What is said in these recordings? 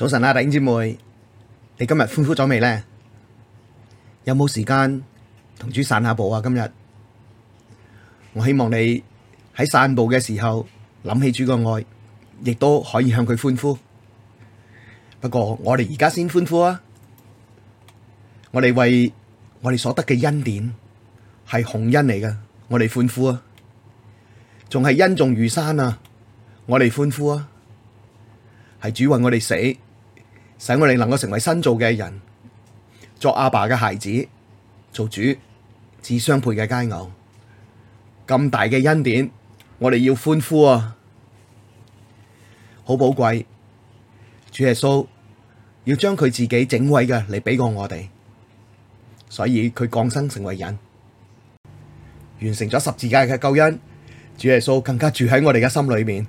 早晨啊，弟兄姊妹，你今日歡呼咗未呢？有冇時間同主散下步啊？今日我希望你喺散步嘅時候諗起主嘅愛，亦都可以向佢歡呼。不過我哋而家先歡呼啊！我哋為我哋所得嘅恩典係洪恩嚟噶，我哋歡呼啊！仲係恩重如山啊！我哋歡呼啊！係主為我哋死。使我哋能夠成為新造嘅人，作阿爸嘅孩子，做主至相配嘅佳偶。咁大嘅恩典，我哋要歡呼啊！好寶貴，主耶穌要將佢自己整位嘅嚟俾過我哋，所以佢降生成為人，完成咗十字架嘅救恩。主耶穌更加住喺我哋嘅心裏面，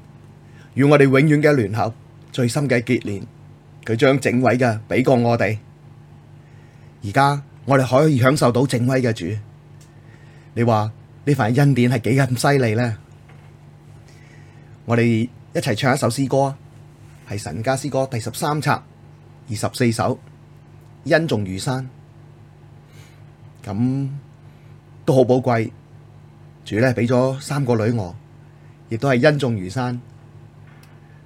與我哋永遠嘅聯合，最深嘅結連。佢將整位嘅俾過我哋，而家我哋可以享受到整位嘅主。你話呢份恩典係幾咁犀利咧？我哋一齊唱一首詩歌，係《神家詩歌》第十三冊二十四首，恩重如山。咁都好寶貴，主咧俾咗三個女我，亦都係恩重如山，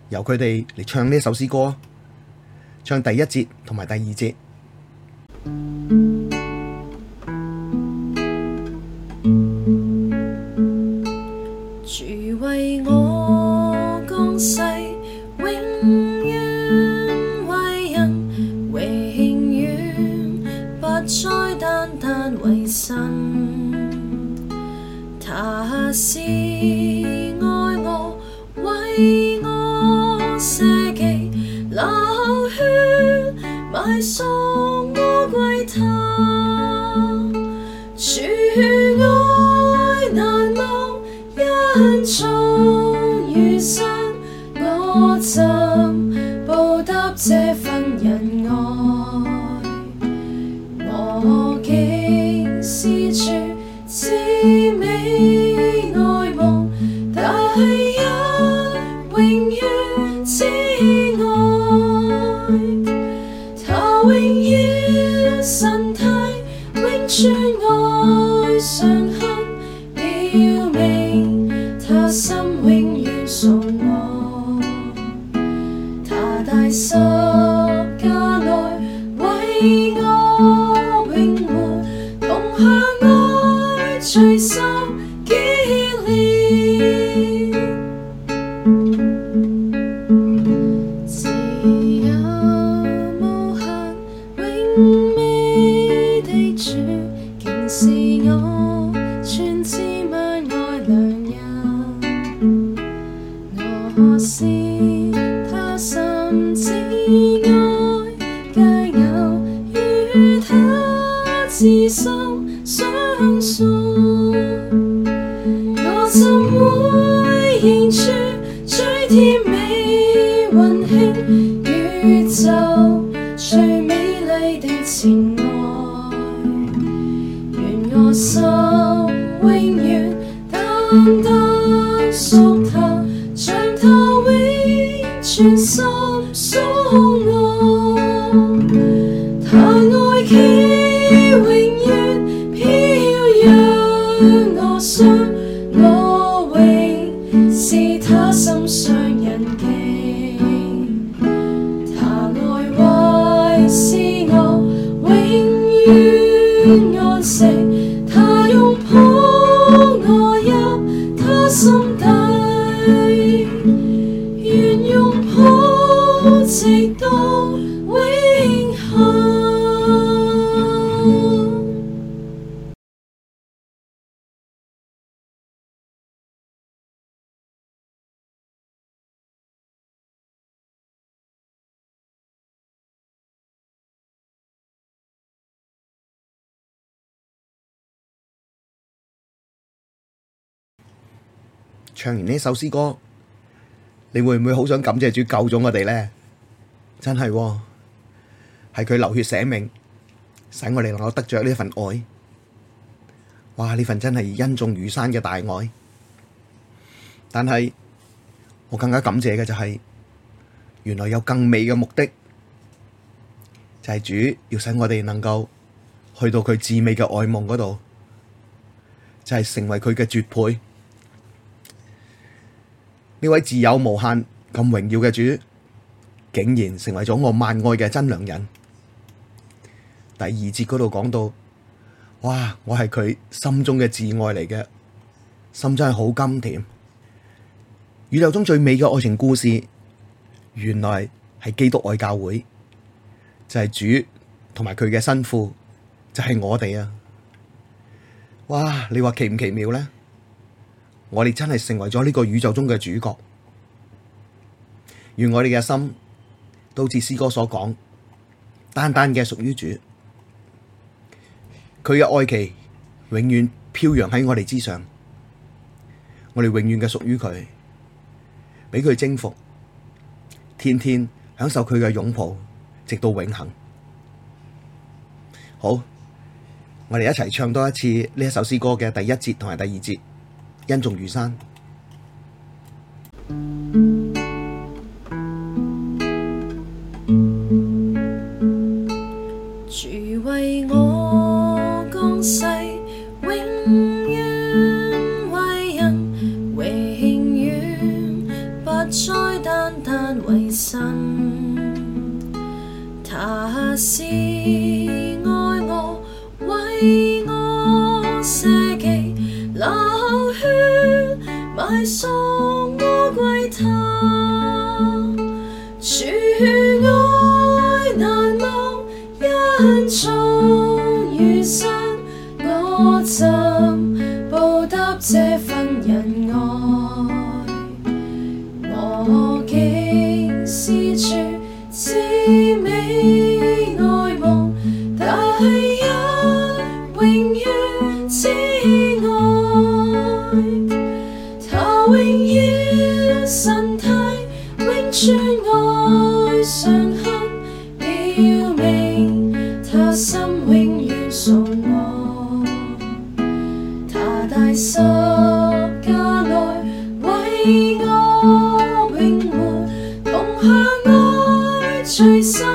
由佢哋嚟唱呢首詩歌。唱第一節同埋第二節。至深相屬，我怎回應主最甜美， 心底，願擁抱直到。唱完呢首詩歌，你會唔會好想感謝主救咗我哋呢？真係、哦，係佢流血捨命，使我哋能夠得着呢份愛。哇！呢份真係恩重如山嘅大愛。但係我更加感謝嘅就係、是，原來有更美嘅目的，就係、是、主要使我哋能夠去到佢至美嘅愛夢嗰度，就係、是、成為佢嘅絕配。呢位自有無限咁榮耀嘅主，竟然成為咗我萬愛嘅真良人。第二節嗰度講到，哇！我係佢心中嘅至愛嚟嘅，心真係好甘甜。宇宙中最美嘅愛情故事，原來係基督愛教會，就係、是、主同埋佢嘅新婦，就係、是、我哋啊！哇！你話奇唔奇妙咧？我哋真係成為咗呢個宇宙中嘅主角，願我哋嘅心，都似詩歌所講，單單嘅屬於主，佢嘅愛旗永遠飄揚喺我哋之上，我哋永遠嘅屬於佢，俾佢征服，天天享受佢嘅擁抱，直到永恆。好，我哋一齊唱多一次呢一首詩歌嘅第一節同埋第二節。恩重如山。買贖我歸祂。最深。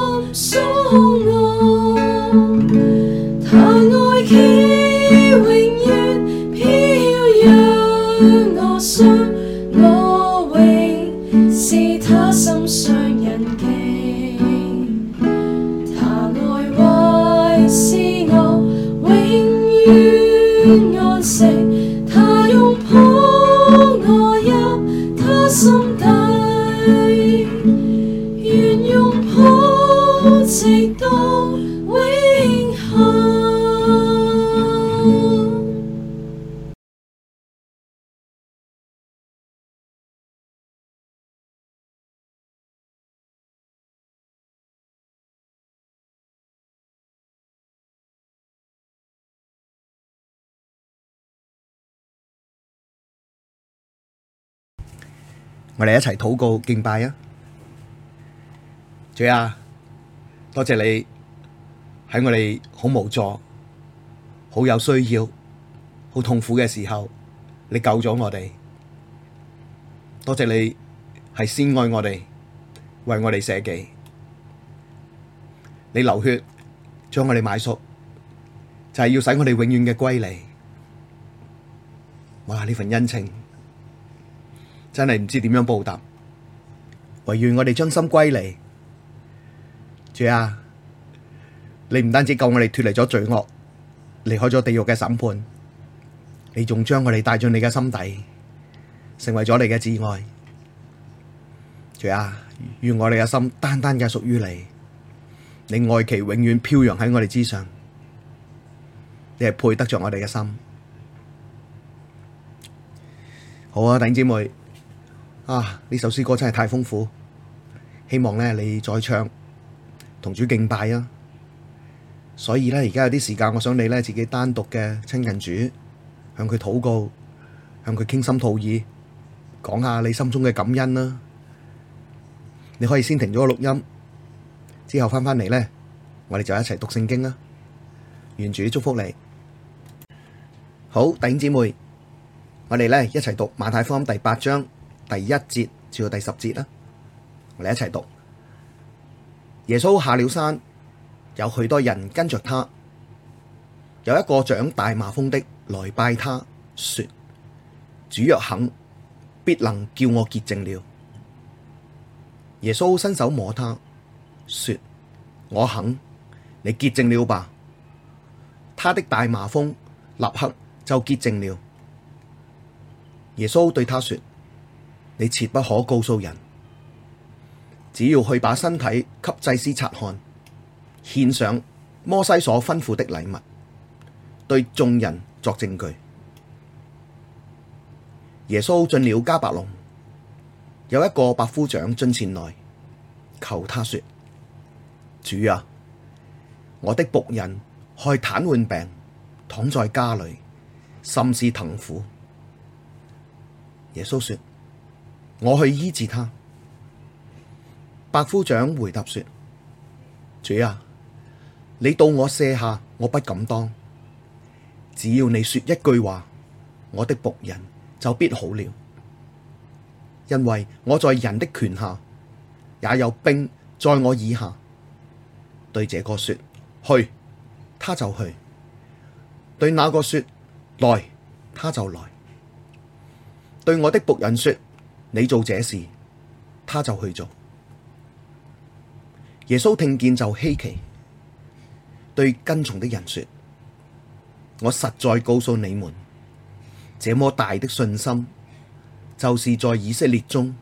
我哋一齊禱告敬拜啊！主啊，多謝你喺我哋好無助、好有需要、好痛苦嘅時候，你救咗我哋。多謝你係先愛我哋，為我哋捨己，你流血將我哋買贖，就係、是、要使我哋永遠嘅歸嚟。哇！呢份恩情。真係唔知點樣報答，唯願我哋將心歸嚟。主啊！你唔單止救我哋脫離咗罪惡，離開咗地獄嘅審判，你仲將我哋帶進你嘅心底，成為咗你嘅摯愛。主啊！願我哋嘅心單單嘅屬於你，你愛旗永遠飄揚喺我哋之上，你係配得着我哋嘅心。好啊，弟兄姊妹。啊！呢首詩歌真係太豐富，希望咧你再唱同主敬拜啊！所以咧，而家有啲時間，我想你咧自己單獨嘅親近主，向佢禱告，向佢傾心吐意，講下你心中嘅感恩啦。你可以先停咗個錄音，之後翻翻嚟咧，我哋就一齊讀聖經啦。願主祝福你。好，弟兄姊妹，我哋咧一齊讀馬太福音第八章。第一節至到第十節啦，我哋一齊讀。耶穌下了山，有許多人跟着他。有一個長大麻風的來拜他，說：主若肯，必能叫我潔淨了。耶穌伸手摸他，說：我肯，你潔淨了吧。他的大麻風立刻就潔淨了。耶穌對他說：你切不可告訴人，只要去把身體給祭司察看，獻上摩西所吩咐的禮物，對眾人作證據。耶穌進了迦百農，有一個百夫長進前來，求他說：主啊，我的僕人害癱瘓病，躺在家裡，甚是疼苦。耶穌說。我去醫治他。百夫長回答說：主啊，你到我舍下，我不敢當。只要你說一句話，我的僕人就必好了。因為我在人的權下，也有兵在我以下。對這個說去，他就去；對那個說來，他就來。對我的僕人說。你做這事，他就去做。耶穌聽見就希奇，對跟從的人說：我實在告訴你們，這麼大的信心，就是在以色列中，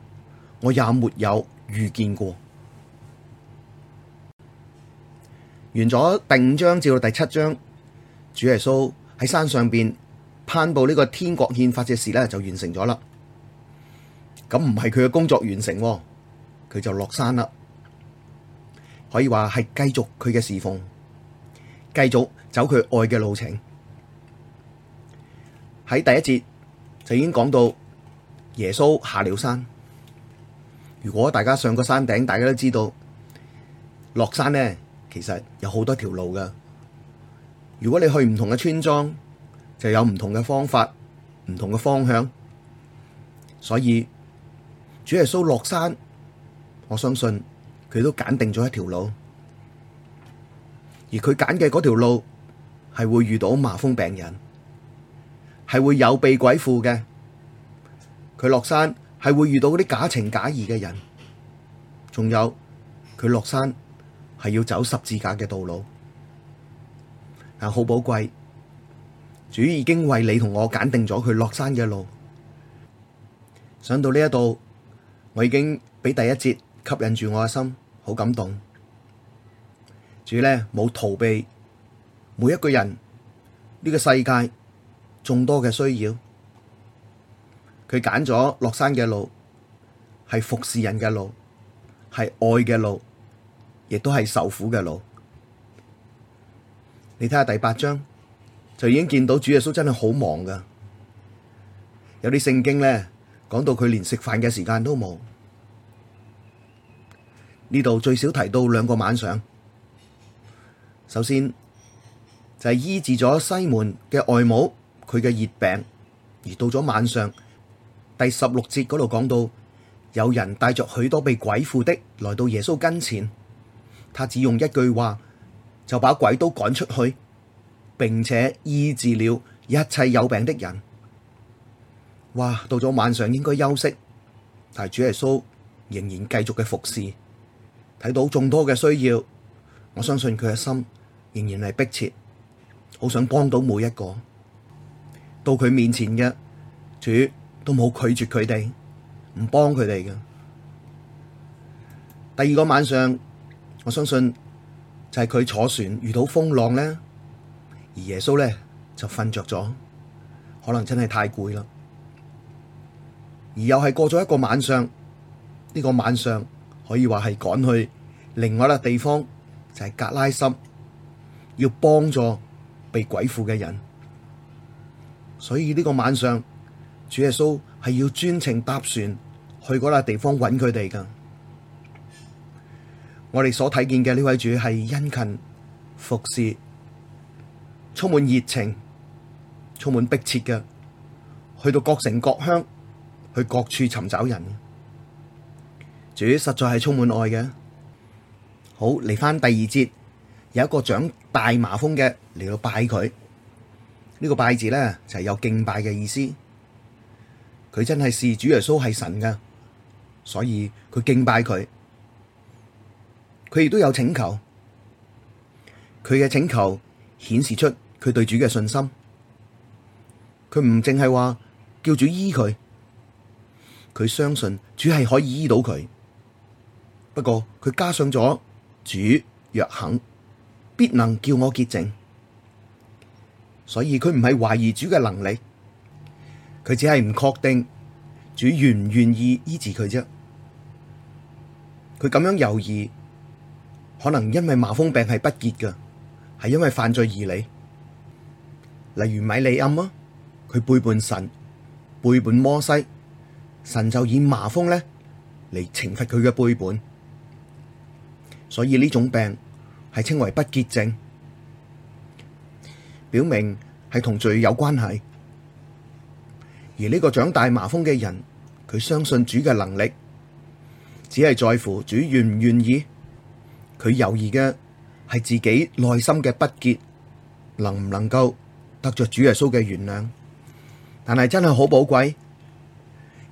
我也沒有遇見過。完咗第五章至到第七章，主耶穌喺山上邊攀布呢個天國憲法嘅事呢就完成咗啦。咁唔係佢嘅工作完成，佢就落山啦。可以話係繼續佢嘅侍奉，繼續走佢愛嘅路程。喺第一節就已經講到耶穌下了山。如果大家上過山頂，大家都知道落山呢，其實有好多條路噶。如果你去唔同嘅村莊，就有唔同嘅方法、唔同嘅方向，所以。主耶穌落山，我相信佢都揀定咗一條路，而佢揀嘅嗰條路係會遇到麻風病人，係會有被鬼附嘅，佢落山係會遇到嗰啲假情假意嘅人，仲有佢落山係要走十字架嘅道路，但好寶貴，主已經為你同我揀定咗佢落山嘅路，想到呢一度。我已經俾第一節吸引住我嘅心，好感動。主咧冇逃避每一個人呢個世界眾多嘅需要，佢揀咗落山嘅路，係服侍人嘅路，係愛嘅路，亦都係受苦嘅路。你睇下第八章就已經見到主耶穌真係好忙噶，有啲聖經咧。講到佢連食飯嘅時間都冇，呢度最少提到兩個晚上。首先就係、是、醫治咗西門嘅外母佢嘅熱病，而到咗晚上，第十六節嗰度講到，有人帶着許多被鬼附的來到耶穌跟前，他只用一句話就把鬼都趕出去，並且醫治了一切有病的人。哇！到咗晚上應該休息，但係主耶穌仍然繼續嘅服侍，睇到眾多嘅需要，我相信佢嘅心仍然係迫切，好想幫到每一個。到佢面前嘅，主都冇拒絕佢哋，唔幫佢哋嘅。第二個晚上，我相信就係佢坐船遇到風浪咧，而耶穌咧就瞓着咗，可能真係太攰啦。而又係過咗一個晚上，呢、這個晚上可以話係趕去另外一笪地方，就係、是、格拉森，要幫助被鬼附嘅人。所以呢個晚上，主耶穌係要專程搭船去嗰笪地方揾佢哋噶。我哋所睇見嘅呢位主係殷勤服侍，充滿熱情，充滿迫切噶，去到各城各鄉。去各處尋找人，主實在係充滿愛嘅。好，嚟返第二節，有一個長大麻風嘅嚟到拜佢，呢、這個拜字咧就係、是、有敬拜嘅意思。佢真係視主耶穌係神噶，所以佢敬拜佢，佢亦都有請求。佢嘅請求顯示出佢對主嘅信心。佢唔淨係話叫主醫佢。佢相信主係可以醫到佢，不過佢加上咗主若肯，必能叫我潔淨。所以佢唔係懷疑主嘅能力，佢只係唔確定主願唔願意醫治佢啫。佢咁樣猶豫，可能因為麻風病係不潔噶，係因為犯罪而嚟。例如米利暗啊，佢背叛神，背叛摩西。神就以麻風呢嚟懲罰佢嘅背叛，所以呢種病係稱為不潔症，表明係同罪有關係。而呢個長大麻風嘅人，佢相信主嘅能力，只係在乎主願唔願意。佢猶豫嘅係自己內心嘅不潔，能唔能夠得着主耶穌嘅原諒？但係真係好寶貴。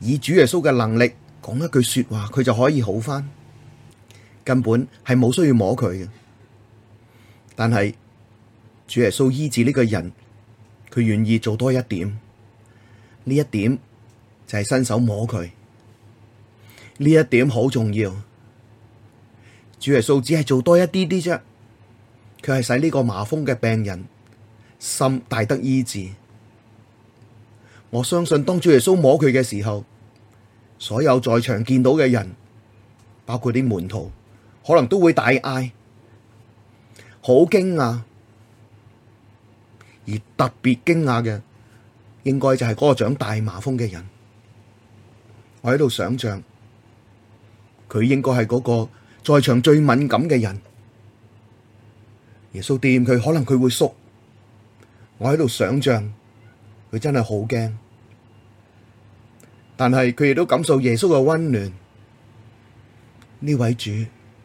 以主耶穌嘅能力講一句說話，佢就可以好翻。根本係冇需要摸佢嘅。但係主耶穌醫治呢個人，佢願意做多一點。呢一點就係伸手摸佢。呢一點好重要。主耶穌只係做多一啲啲啫，佢係使呢個麻風嘅病人心大得醫治。我相信當主耶穌摸佢嘅時候，所有在場見到嘅人，包括啲門徒，可能都會大嗌，好驚訝，而特別驚訝嘅，應該就係嗰個長大麻風嘅人。我喺度想象，佢應該係嗰個在場最敏感嘅人。耶穌掂佢，可能佢會縮。我喺度想象。佢真係好驚，但係佢亦都感受耶穌嘅溫暖。呢位主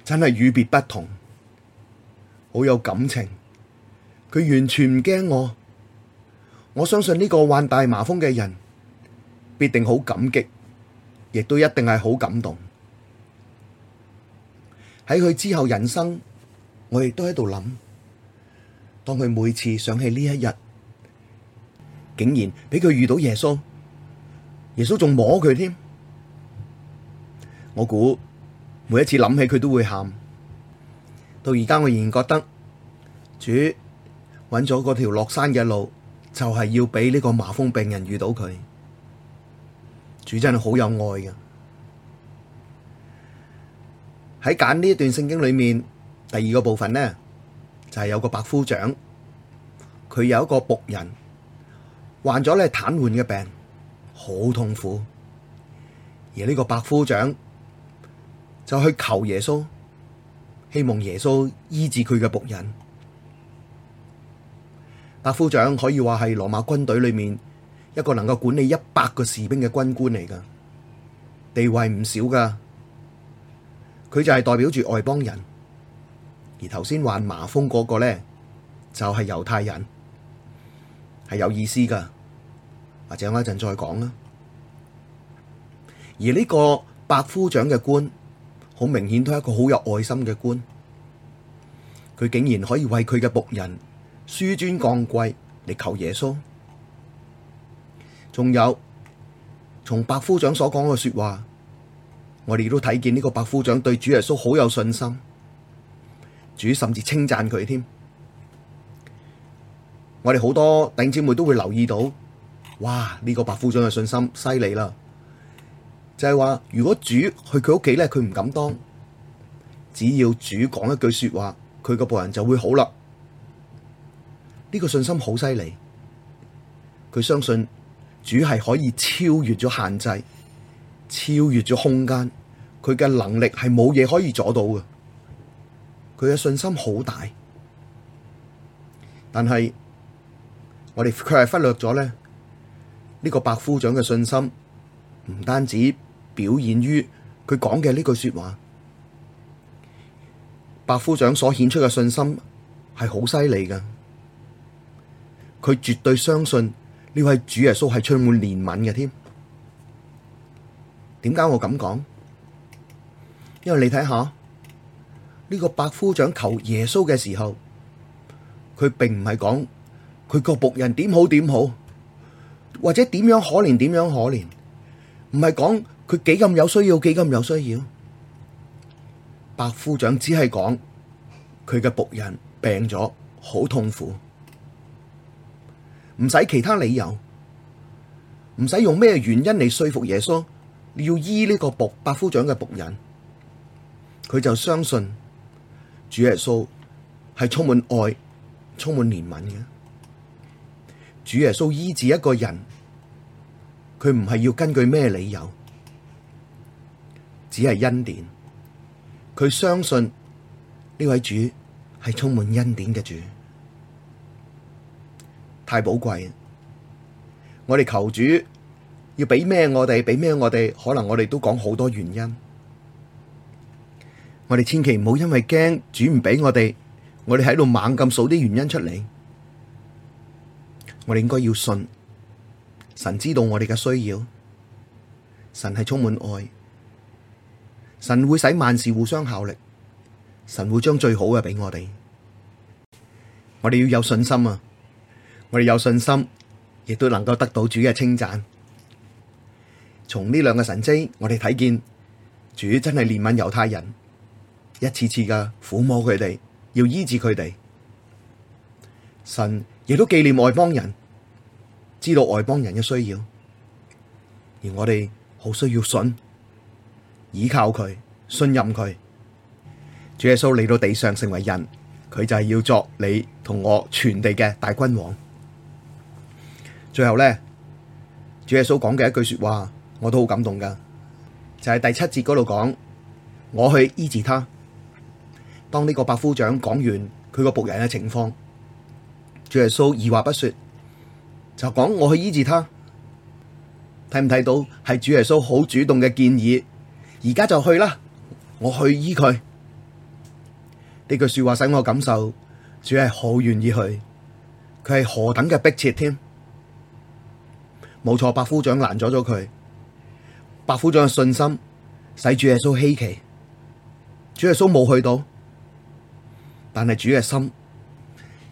真係與別不同，好有感情。佢完全唔驚我，我相信呢個患大麻風嘅人必定好感激，亦都一定係好感動。喺佢之後人生，我亦都喺度諗，當佢每次想起呢一日，竟然俾佢遇到耶穌，耶穌仲摸佢添。我估每一次諗起佢都會喊。到而家我仍然覺得主揾咗嗰條落山嘅路，就係要俾呢個麻風病人遇到佢。主真係好有愛嘅。喺揀呢一段聖經裏面，第二個部分呢，就係有個百夫長，佢有一個僕人。患咗咧癱瘓嘅病，好痛苦。而呢個百夫長就去求耶穌，希望耶穌醫治佢嘅僕人。百夫長可以話係羅馬軍隊裏面一個能夠管理一百個士兵嘅軍官嚟噶，地位唔少噶。佢就係代表住外邦人，而頭先患麻風嗰個咧就係、是、猶太人，係有意思噶。或者、啊、我一陣再講啦。而呢個百夫長嘅官，好明顯都係一個好有愛心嘅官，佢竟然可以為佢嘅僕人紆尊降貴嚟求耶穌。仲有從百夫長所講嘅說話，我哋都睇見呢個百夫長對主耶穌好有信心，主甚至稱讚佢添。我哋好多弟兄姊妹都會留意到。哇！呢、這個百夫長嘅信心犀利啦，就係、是、話如果主去佢屋企咧，佢唔敢當；只要主講一句說話，佢個僕人就會好啦。呢、這個信心好犀利，佢相信主係可以超越咗限制，超越咗空間，佢嘅能力係冇嘢可以阻到嘅。佢嘅信心好大，但係我哋佢係忽略咗咧。呢個百夫長嘅信心唔單止表現於佢講嘅呢句說話，百夫長所顯出嘅信心係好犀利嘅。佢絕對相信呢位主耶穌係充滿憐憫嘅添。點解我咁講？因為你睇下呢、這個百夫長求耶穌嘅時候，佢並唔係講佢個僕人點好點好。或者點樣可憐點樣可憐，唔係講佢幾咁有需要幾咁有需要，百夫長只係講佢嘅僕人病咗，好痛苦，唔使其他理由，唔使用咩原因嚟說服耶穌，要醫呢個僕百夫長嘅僕人，佢就相信主耶穌係充滿愛、充滿憐憫嘅。主耶穌醫治一個人，佢唔係要根據咩理由，只係恩典。佢相信呢位主係充滿恩典嘅主，太寶貴。我哋求主要畀咩我哋？畀咩我哋？可能我哋都講好多原因。我哋千祈唔好因為驚主唔畀我哋，我哋喺度猛咁數啲原因出嚟。我哋應該要信，神知道我哋嘅需要，神係充滿愛，神會使萬事互相效力，神會將最好嘅畀我哋。我哋要有信心啊！我哋有信心，亦都能夠得到主嘅稱讚。從呢兩個神蹟，我哋睇見，主真係憐憫猶太人，一次次嘅撫摸佢哋，要醫治佢哋。神亦都紀念外邦人，知道外邦人嘅需要，而我哋好需要信，依靠佢，信任佢。主耶穌嚟到地上成為人，佢就係要作你同我全地嘅大君王。最後咧，主耶穌講嘅一句說話，我都好感動噶，就係、是、第七節嗰度講，我去醫治他。當呢個百夫長講完佢個僕人嘅情況。主耶穌二話不說就講我去醫治他，睇唔睇到係主耶穌好主動嘅建議？而家就去啦，我去醫佢。呢句說話使我感受主係好願意去，佢係何等嘅迫切添？冇錯，百夫長攔阻咗佢，百夫長嘅信心使主耶穌稀奇，主耶穌冇去到，但係主嘅心。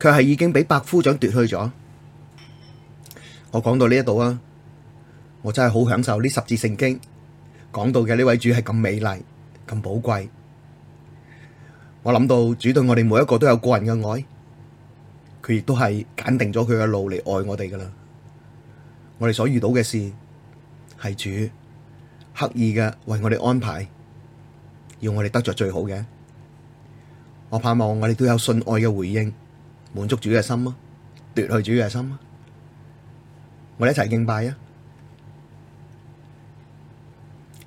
卻係已經俾百夫長奪去咗。我講到呢一度啊，我真係好享受呢十字聖經講到嘅呢位主係咁美麗、咁寶貴。我諗到主對我哋每一個都有個人嘅愛，佢亦都係揀定咗佢嘅路嚟愛我哋噶啦。我哋所遇到嘅事係主刻意嘅為我哋安排，要我哋得著最好嘅。我盼望我哋都有信愛嘅回應。滿足主嘅心啊，奪去主嘅心啊，我哋一齊敬拜啊！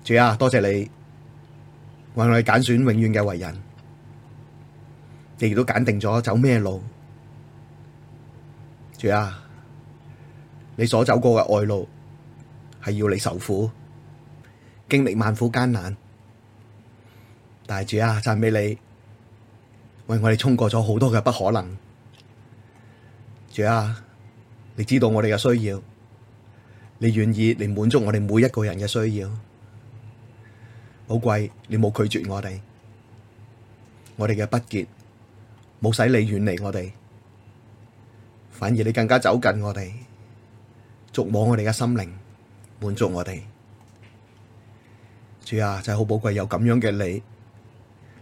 主啊，多謝你，為我哋揀選永遠嘅為人，你亦都揀定咗走咩路？主啊，你所走過嘅愛路係要你受苦，經歷萬苦艱難，但係主啊，讚美你，為我哋衝過咗好多嘅不可能。主啊，你知道我哋嘅需要，你願意嚟滿足我哋每一個人嘅需要，寶貴，你冇拒絕我哋，我哋嘅不潔冇使你遠離我哋，反而你更加走近我哋，觸摸我哋嘅心靈，滿足我哋。主啊，真係好寶貴，有咁樣嘅你，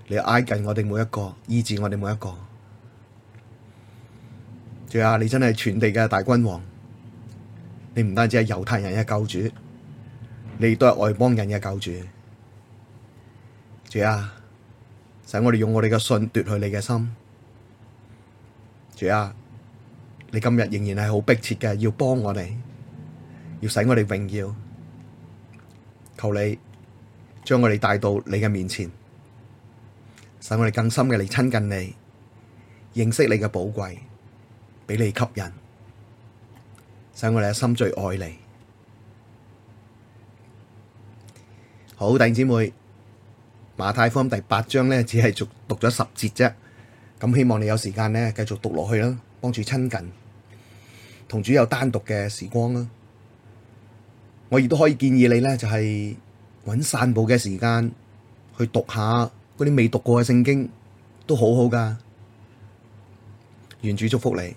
你捱近我哋每一個，醫治我哋每一個。主啊，你真係全地嘅大君王，你唔單止係猶太人嘅救主，你亦都係外邦人嘅救主。主啊，使我哋用我哋嘅信奪去你嘅心。主啊，你今日仍然係好迫切嘅，要幫我哋，要使我哋榮耀。求你將我哋帶到你嘅面前，使我哋更深嘅嚟親近你，認識你嘅寶貴。俾你吸引，使我哋嘅心最愛你。好弟兄姊妹，馬太福音第八章呢，只係讀讀咗十節啫。咁希望你有時間呢，繼續讀落去啦，幫助親近同主有單獨嘅時光啦。我亦都可以建議你呢，就係搵散步嘅時間去讀下嗰啲未讀過嘅聖經，都好好噶。願主祝福你。